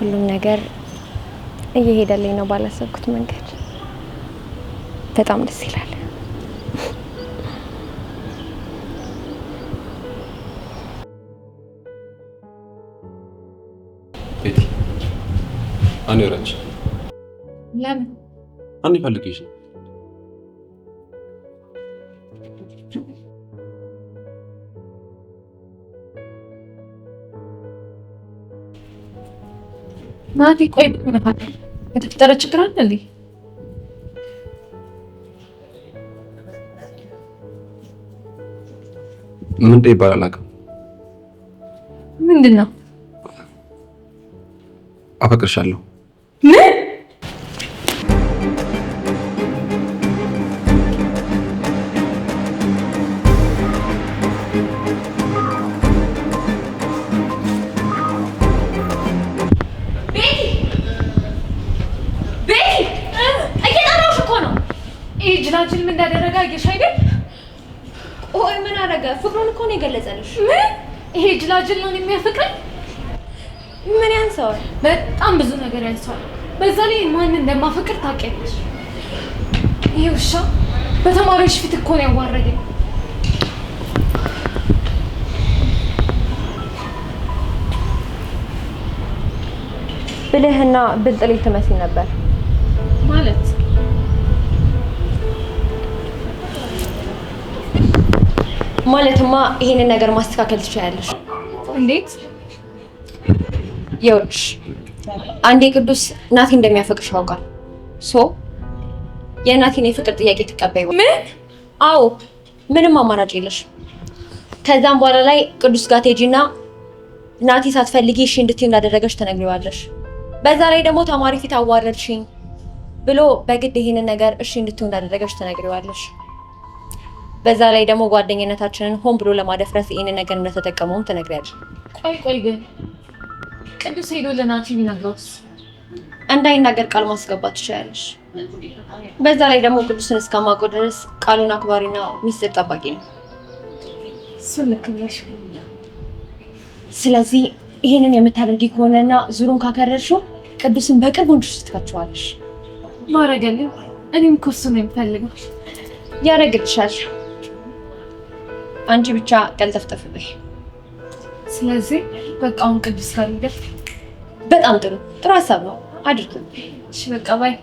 ሁሉም ነገር እየሄደልኝ ነው ባላሰብኩት መንገድ። በጣም ደስ ይላል። ቤቲ አንዴ ወራች ለምን አንዴ ፈልግሽ ነው ናቲ ቆይ የተፈጠረ ችግር አለ እንዴ? ምን ይባላል? አቅም ምንድን ነው? አፈቅርሻለሁ። ምን ቆይ ምን አደረገ? ፍቅሩን እኮ ነው የገለጸልሽ። ምን ይሄ ጅላጅል የሚያፈቅረኝ? ምን ያንሰዋል? በጣም ብዙ ነገር ያንሰዋል። በዛ ላይ ማን እንደማፈቅር ታውቂያለሽ። ይሄ ውሻ በተማሪዎች ፊት እኮ ነው ያዋረደኝ። ብልህና ብልጥሌ ትመስል ነበር። ማለትማ ይሄንን ነገር ማስተካከል ትችላለሽ። እንዴት? ይኸውልሽ አንዴ ቅዱስ ናቲ እንደሚያፈቅርሽ ያውቃል። ሶ የናቲን የፍቅር ጥያቄ ትቀበይ? ምን? አዎ፣ ምንም አማራጭ የለሽ። ከዛም በኋላ ላይ ቅዱስ ጋር ትሄጂና ናቲ ሳትፈልጊ እሺ እንድትይ እንዳደረገች ተነግሪዋለሽ። በዛ ላይ ደግሞ ተማሪ ፊት አዋረድሽኝ ብሎ በግድ ይህንን ነገር እሺ እንድትሆን እንዳደረገች ተነግሪዋለሽ። በዛ ላይ ደግሞ ጓደኝነታችንን ሆን ብሎ ለማደፍረስ ይህን ነገር እንደተጠቀመውም ትነግሪያለሽ። ቆይ ቆይ ግን ቅዱስ ሄዶ ለናቲ ቢነግረውስ? እንዳይናገር ቃል ማስገባት ትችላለሽ። በዛ ላይ ደግሞ ቅዱስን እስከማውቀው ድረስ ቃሉን አክባሪና ሚስጥር ጠባቂ ነው። እሱን ልክ ብለሽ። ስለዚህ ይህንን የምታደርጊ ከሆነና ዙሩን ካከረርሽው ቅዱስን በቅርብ ወንድ ውስጥ ትከችዋለሽ። ማረገልን እኔም እኮ ነው የምፈልገው። ያደረግልሻል አንቺ ብቻ ቀልጠፍጠፍ በይ። ስለዚህ በቃ አሁን ቅዱስ ጋር በጣም ጥሩ ጥሩ ሀሳብ ነው አድርጉ። እሺ በቃ ባይ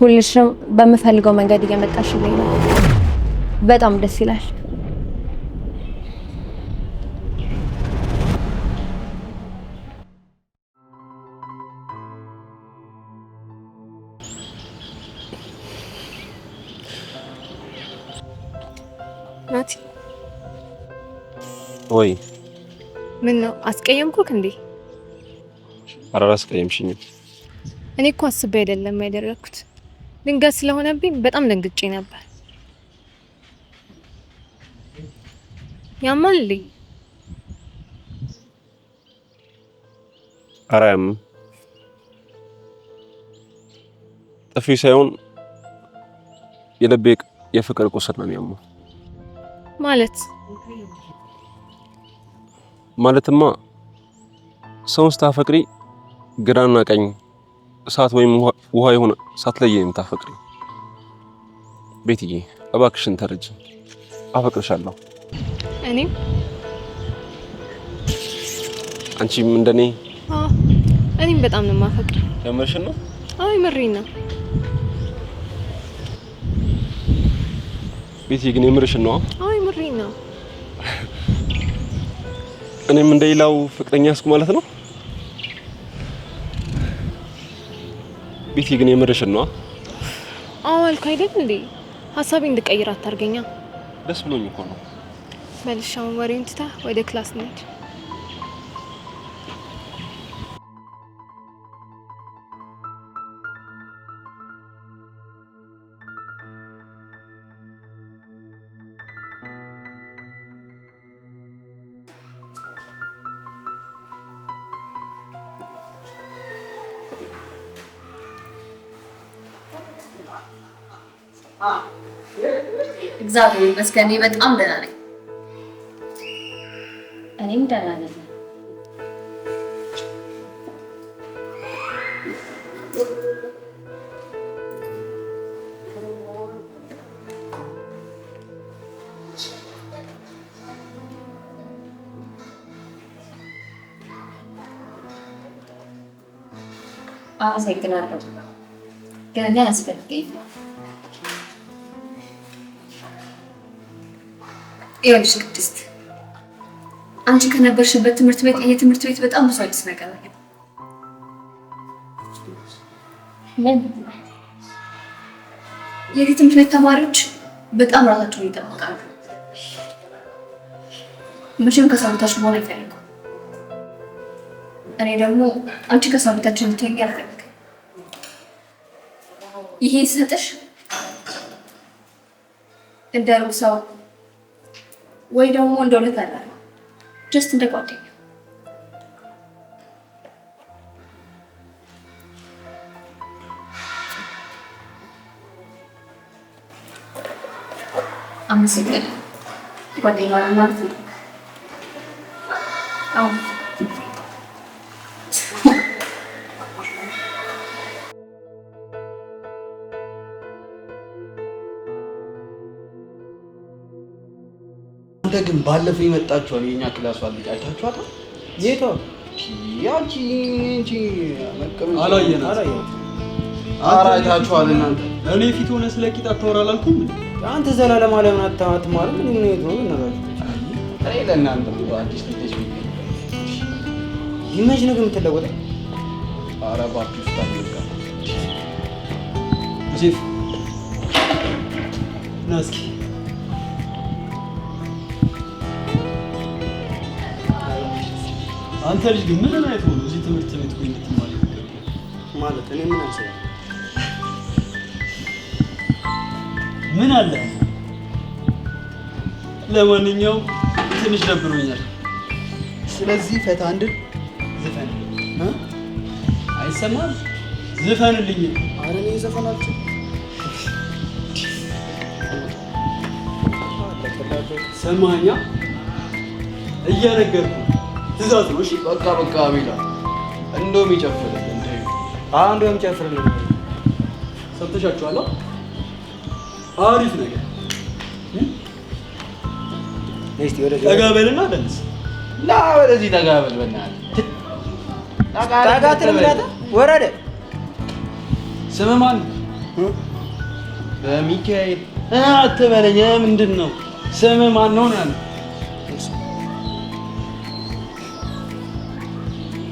ሁልሽም በምፈልገው መንገድ እየመጣሽ ነው። በጣም ደስ ይላል። ወይ ምን ነው አስቀየምኩክ እንዴ? ኧረ አላስቀየምሽኝም። እኔ እኮ አስቤ አይደለም ያደረኩት፣ ድንገት ስለሆነብኝ በጣም ደንግጬ ነበር። ያማል? ኧረ አያምም። ጥፊ ሳይሆን የልቤ የፍቅር ቁስል ነው የሚያመው ማለት ማለትማ ሰውን ስታፈቅሪ ግራና ቀኝ እሳት ወይም ውሃ የሆነ ላይ የምታፈቅሪ ቤትዬ፣ እባክሽን ተረጅ፣ አፈቅርሻለሁ። እኔ አንቺም እንደኔ? አዎ፣ እኔም በጣም ነው የማፈቅር። የምርሽን ነው? አዎ፣ የምሬን ነው። ቤትዬ ግን የምርሽን ነው? አዎ እኔም እንደሌላው ፍቅረኛ እስኩ ማለት ነው። ቤቲ ግን የምርሽን ነው? አዎ አልኩ አይደል እንዴ? ሀሳቤ እንድቀይር አታርገኛ። ደስ ብሎኝ እኮ ነው። መልሻውን ወሬውን ትታ ወደ ክላስ ነች። እግዚአብሔር ይመስገን በጣም ደህና ነኝ። እኔም ደህና ነኝ። አመሰግናለሁ። ግን እኔ አያስፈልገኝም ይኸውልሽ ቅድስት፣ አንቺ ከነበርሽበት ትምህርት ቤት ይሄ ትምህርት ቤት በጣም ብዙ አዲስ ነገር አለ። የዚህ ትምህርት ቤት ተማሪዎች በጣም ራሳቸውን ይጠብቃሉ። መቼም ከሰውታች መሆን አይፈልጉም። እኔ ደግሞ አንቺ ከሰውታችን ልትሆኝ አልፈልግም። ይሄ ስሰጥሽ እንደ ሩቅ ሰው ወይ ደግሞ እንደ ሁለት አላ ጀስት እንደ ጓደኛ አመሰግናለሁ። ጓደኛ ማለት ነው። አንተ ግን ባለፈው ይመጣችኋል የኛ ክላስ ልጅ አይታችኋት? የቷ? ያቺ እንጂ መቀመጫ አላየናት። አይታችኋል እናንተ። እኔ ፊት ሆነ ስለ ቂጥ አታወራ አላልኩም? አንተ ዘላለም አለምን አታማት ማለት ምን ነው? የቱ ነው? እኔ ለእናንተ ነው አዲስ ልጅ ይመች ነው የምትለወጠ። ኧረ እባክህ ውስጥ አልወጣ ሴፍ ና እስኪ አንተ ልጅ ግን ምን ላይ ነው እዚህ ትምህርት ቤት ቆይ ልትማር ማለት እኔ ምን አንሰ ምን አለ። ለማንኛውም ትንሽ ደብሮኛል። ስለዚህ ፈታ አንድን ዝፈን አይሰማም? ዝፈንልኝ። ኧረ እኔ ዘፈናችሁ ሰማኛ እየነገርኩህ ትእዛዝ ነው። እሺ በቃ በቃ አቤላ እንደውም ይጨፍርልን እንደ አሁን እንደውም ይጨፍርልን። ሰምተሻችኋል? አሪፍ ነገር ነስቲ ወደ ጠጋ በልና ደንስ ላ ወደዚህ ጠጋ በል በእናትህ ጠጋ ትልምዳታ ወረደ ስም ማን በሚካኤል አትበለኝ። ምንድን ነው ስም ማን ነው?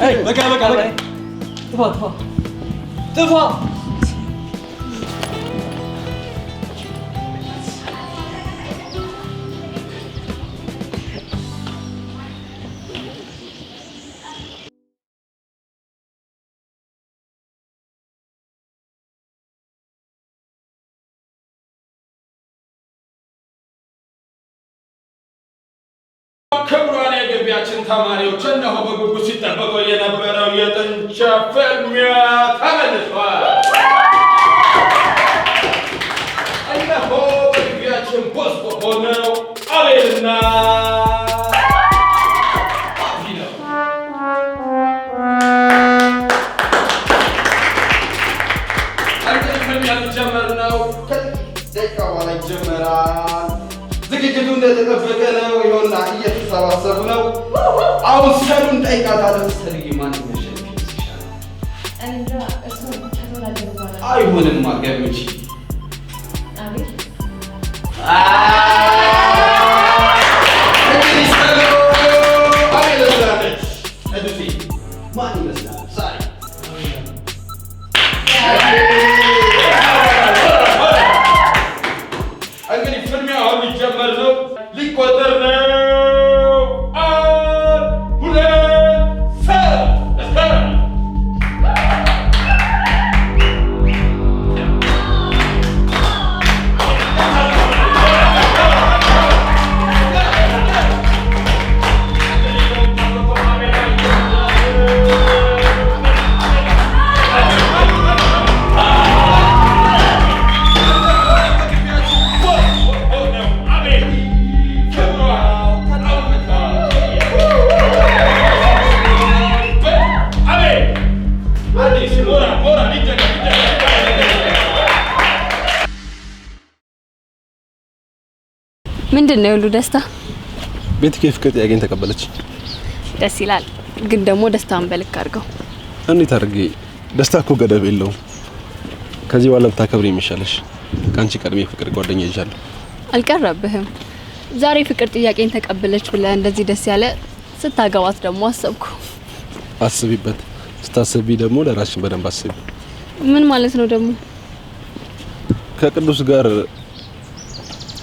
哎，我干，快干，师傅，师傅，师傅。ተማሪዎች እነሆ በጉጉት ሲጠበቁ የነበረው የጥንቻ ፍልሚያ ተመልሷል። እነሆ በግቢያችን ቦስ ሆነው አቤልና ጀመርነው። ደቂቃ ይጀመራል። ዝግጅቱ እንደተጠበቀ ነው። ይኸውና እየተሰባሰቡ ነው። አሁን ሰሉን ጠይቃታለሁ። ሰሉዬ ማን መሸጥ ይሻላል? አይሆንማ ገቢዎች ምንድን ነው የሁሉ ደስታ? ቤት ከፍቅር ጥያቄን ተቀበለች። ደስ ይላል። ግን ደግሞ ደስታን በልክ አድርገው። እንዴት አድርጌ? ደስታ እኮ ገደብ የለውም። ከዚህ በኋላ ብታከብሪ የሚሻለሽ። ከአንቺ ቀድሜ ፍቅር ጓደኛ ይዣለሁ። አልቀረብህም። ዛሬ ፍቅር ጥያቄን ተቀበለች ብለህ እንደዚህ ደስ ያለ ስታገባት ደግሞ አሰብኩ። አስቢበት። ስታስቢ ደግሞ ለራስሽ በደንብ አስቢ። ምን ማለት ነው ደግሞ? ከቅዱስ ጋር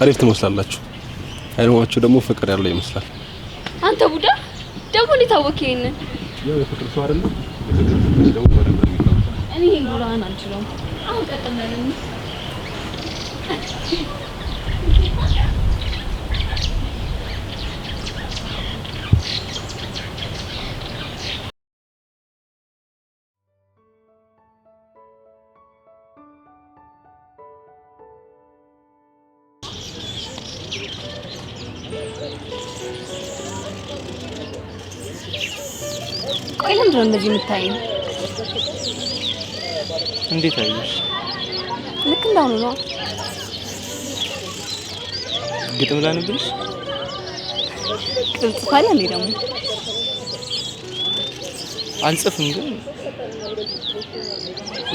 አሪፍ ትመስላላችሁ አይኖቹ ደግሞ ፍቅር ያለው ይመስላል። አንተ ቡዳ ደግሞ እንዴት ይሄን ያው የፍቅር ሰው አይደለም። እኔ ይሄን ጉራን አልችለውም። አሁን ቀጥላለን። ቆይ ለምንድን ነው እንደዚህ የምታየኝ? እንዴት አየሽ? ልክ እንዳሁኑ ነው። ግጥም ላንብልሽ? ቅጽ ካለ ደግሞ አልጽፍም፣ ግን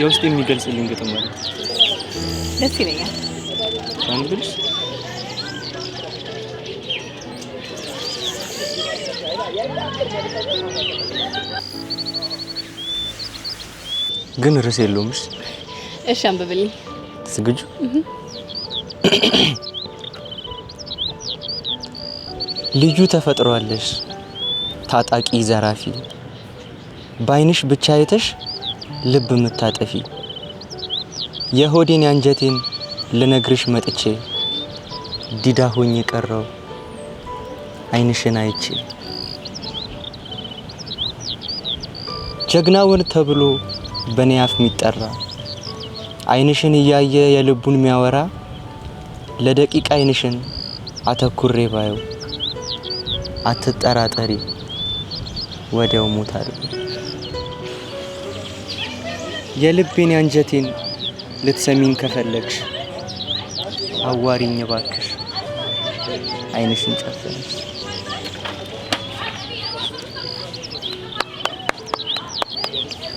የውስጥ የሚገልጽልኝ ግጥም ማለት ደስ ይለኛል። ላንብልሽ? ግን ርዕስ የለውምሽ። እሺ አንብብልኝ። ዝግጁ? ልዩ ተፈጥሯለሽ ታጣቂ ዘራፊ፣ ባይንሽ ብቻ አይተሽ ልብ የምታጠፊ የሆዴን ያንጀቴን ልነግርሽ መጥቼ ዲዳ ሆኜ ቀረው አይንሽን አይቼ ጀግናውን ተብሎ በኔ አፍ የሚጠራ አይንሽን እያየ የልቡን የሚያወራ ለደቂቃ አይንሽን አተኩሬ ባየው አትጠራጠሪ ወዲያው ሞታል። የልቤን አንጀቴን ልትሰሚን ከፈለግሽ አዋሪኝ ባክሽ አይንሽን ጨፍነሽ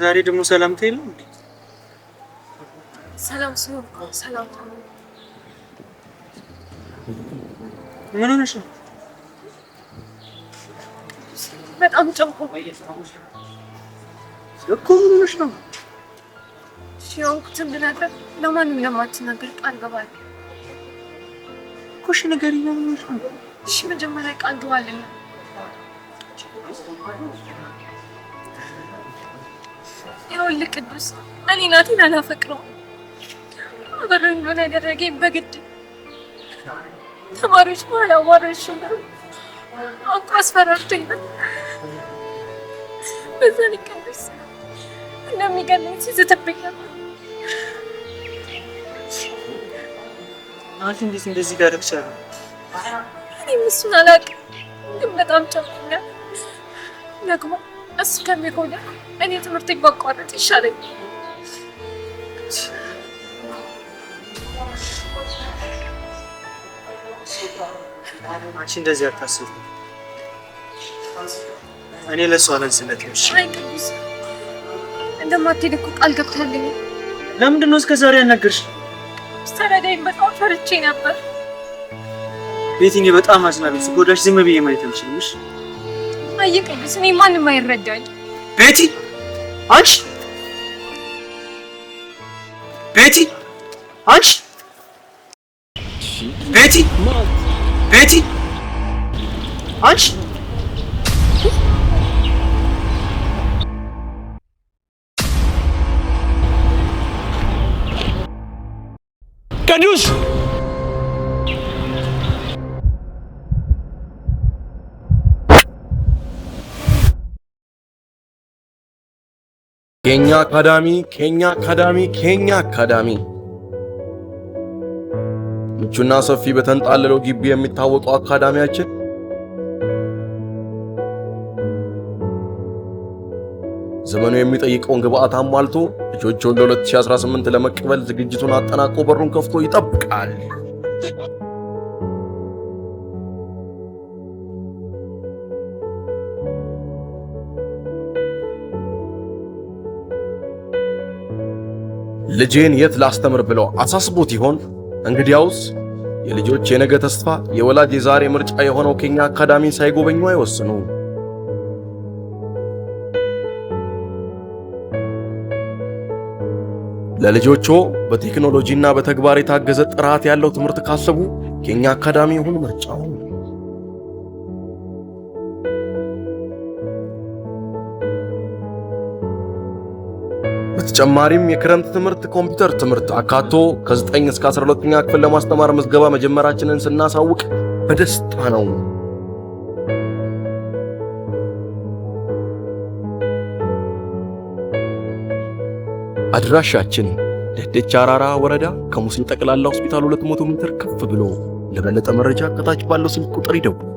ዛሬ ደግሞ ሰላምታ የለም። ሰላም ስሙ ሰላም። ምን ሆነሽ ነው? በጣም ጨንቆ እኮ ምን ሆነሽ ነው? ያውኩትን ብነግር ለማንም የማትነግር ቃል ገባለሁ እኮ። እሺ ንገሪኝ፣ ነው? እሺ መጀመሪያ ቃል ገባለሁ ይኸውልህ ቅዱስ፣ እኔ ናቴን አላፈቅረውም። አብሬው እንደሆነ ያደረገኝ በግድ ተማሪዎች መሀል አዋረድሽኝ አውቆ አስፈራርቶኝ በዛ ቅዱስ እንደሚገለኝ ሲዝትብኝ ነበር። አንቺ እንዴት እንደዚህ ሊያደርግ ቻለ? እኔም እሱን አላውቅም፣ ግን በጣም ጨምኛል ደግሞ እሱ ከሚጎዳ እኔ ትምህርት ባቋረጥ ይሻለኛል። አንቺ እንደዚህ አታስብ። እኔ ለእሱ አለንስነት ነው። ቅዱስ እንደማትሄድ እኮ ቃል ገብታለኝ። ለምንድን ነው እስከ ዛሬ ያልነገርሽ? ስተረዳኝ በጣም ፈርቼ ነበር። ቤቲ፣ በጣም አዝናለሁ። ስጎዳሽ ዝም ብዬ ማየት አልችልም። ጠይቀኝ። እኔ ማንም አይረዳኝ። ቤቲ አንቺ ቤቲ አንቺ ቤቲ ቤቲ አንቺ ቅዱስ ኬኛ አካዳሚ ኬኛ አካዳሚ ኬኛ አካዳሚ ምቹና ሰፊ በተንጣለለው ግቢ የሚታወቀው አካዳሚያችን ዘመኑ የሚጠይቀውን ግብአት አሟልቶ ልጆቹን ለ2018 ለመቀበል ዝግጅቱን አጠናቆ በሩን ከፍቶ ይጠብቃል። ልጄን የት ላስተምር ብለው አሳስቦት ይሆን? እንግዲያውስ የልጆች የነገ ተስፋ የወላጅ የዛሬ ምርጫ የሆነው ኬኛ አካዳሚን ሳይጎበኙ አይወስኑ። ለልጆቹ በቴክኖሎጂና በተግባር የታገዘ ጥራት ያለው ትምህርት ካሰቡ ኬኛ አካዳሚ ይሁን ምርጫው። በተጨማሪም የክረምት ትምህርት ኮምፒውተር ትምህርት አካቶ ከ9 እስከ 12ኛ ክፍል ለማስተማር ምዝገባ መጀመራችንን ስናሳውቅ በደስታ ነው። አድራሻችን ደደቻ አራራ ወረዳ ከሙስኝ ጠቅላላ ሆስፒታል 200 ሜትር ከፍ ብሎ ለበለጠ መረጃ ከታች ባለው ስልክ ቁጥር ይደውሉ።